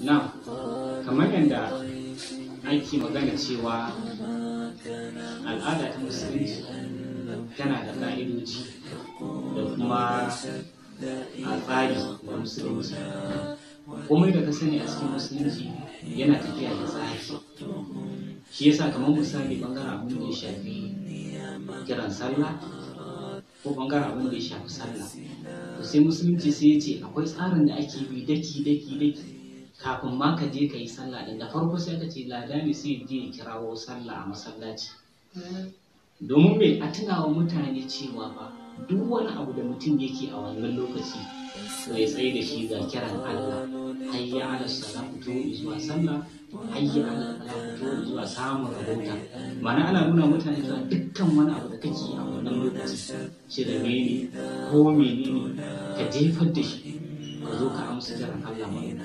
na kamar yadda aiki magana cewa al'ada ta musulunci tana da ƙa'idoji da kuma alfari ga da musulunci komai da ka sani a cikin musulunci yana tafiya da tsari shi yasa kamar misali bangaren abin da ya shafi kiran sallah ko bangaren abin da ya shafi sallah to sai musulunci sai ya ce akwai tsarin da ake bi daki daki daki kafin ma ka je ka yi sallah da farko sai ka ce ladami sai je ya kirawo sallah a masallaci domin me a tuna wa mutane cewa ba duk wani abu da mutum yake a wannan lokaci to ya tsaye da shi ga kiran Allah hayya ala salatu zuwa sallah hayya ala salatu samun rahota, mana ana nuna mutane cewa dukkan wani abu da kake a wannan lokaci shi da mene ko menene ka jefar da shi ka zo ka amsa kiran Allah mai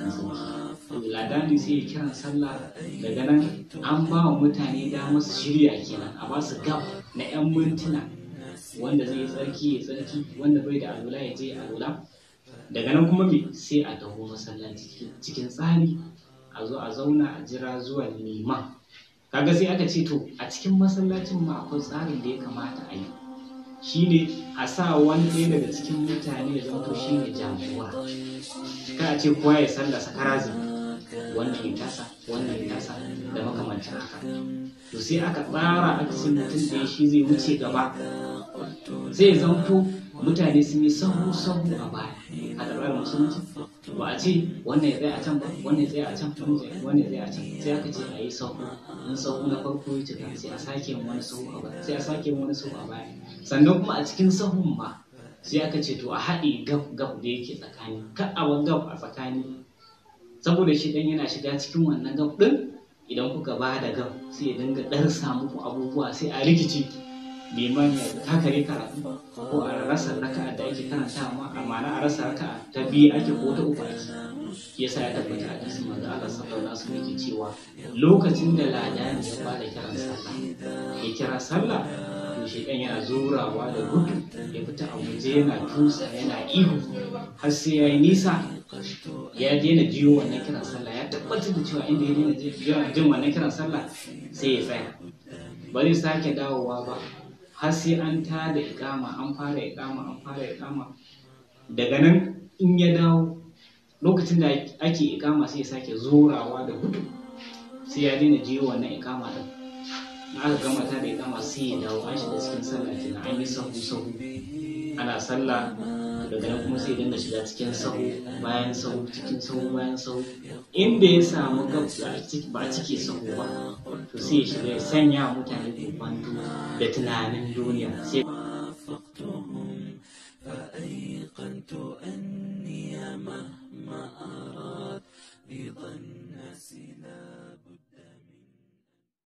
sauki ladani sai ya kiran sallah daga nan an ba wa mutane damar su shirya kenan a ba su gab na 'yan mintuna wanda zai tsarki ya tsarki wanda bai da alula ya je alula daga nan kuma me sai a taho masallaci cikin tsari a zo a zauna a jira zuwa liman kaga sai aka ce to a cikin masallacin ma akwai tsarin da ya kamata a yi shine a sa wani ɗaya daga cikin mutane ya zama shi ne jagora ka a ce kowa ya sallah sakarazi wannan ya tasa wannan ya tasa da makamancin haka to sai aka tsara a cikin mutum ɗaya shi zai wuce gaba zai zanto mutane sun yi sahu sahu a baya a ɗarɓar musulunci ba a ce wannan ya zai a can ba wannan ya zai a can wannan ya zai a can sai aka ce a yi sahu in sahu na farko ya cika sai a sake yin wani sahu a baya sai a sake yin wani sahu a baya sannan kuma a cikin sahun ma sai aka ce to a haɗe gab gab da yake tsakani ka a gab a tsakani saboda shi ɗan yana shiga cikin wannan gab ɗin idan kuka ba da gab sai ya dinga ɗan samu abubuwa sai a rikici neman ya kakare karatu ko a rasa raka da ake karantawa a ma'ana a rasa raka'a ta biyu ake ko ta uku ake yasa ya tabbata a jisun manzo Allah sallallahu alaihi wasallam yake cewa lokacin da ladani ya fara kiran sallah ya kira sallah to dan yana zurawa da gudu ya fita a waje yana tusa yana ihu har sai yayi nisa ya daina jiyo wannan kiran sallah ya tabbatar da cewa inda ya daina jiyo jin wannan kiran sallah sai ya tsaya ba zai sake dawowa ba har sai an ta da ikama an fara ikama an fara ikama daga nan in ya dawo lokacin da ake ikama sai ya sake zorawa da gudu sai ya daina je wannan ikama din aka gama ta da ikama sai ya dawo an da cikin sallah kenan an yi sahu sahu ana sallah daga nan kuma sai dinga shiga cikin sau bayan sau cikin sau bayan sau inda ya samu gab ba a cike sau ba to sai ya shiga ya sanya mutane kwanto da tunanin duniya sai فأيقنت أني ما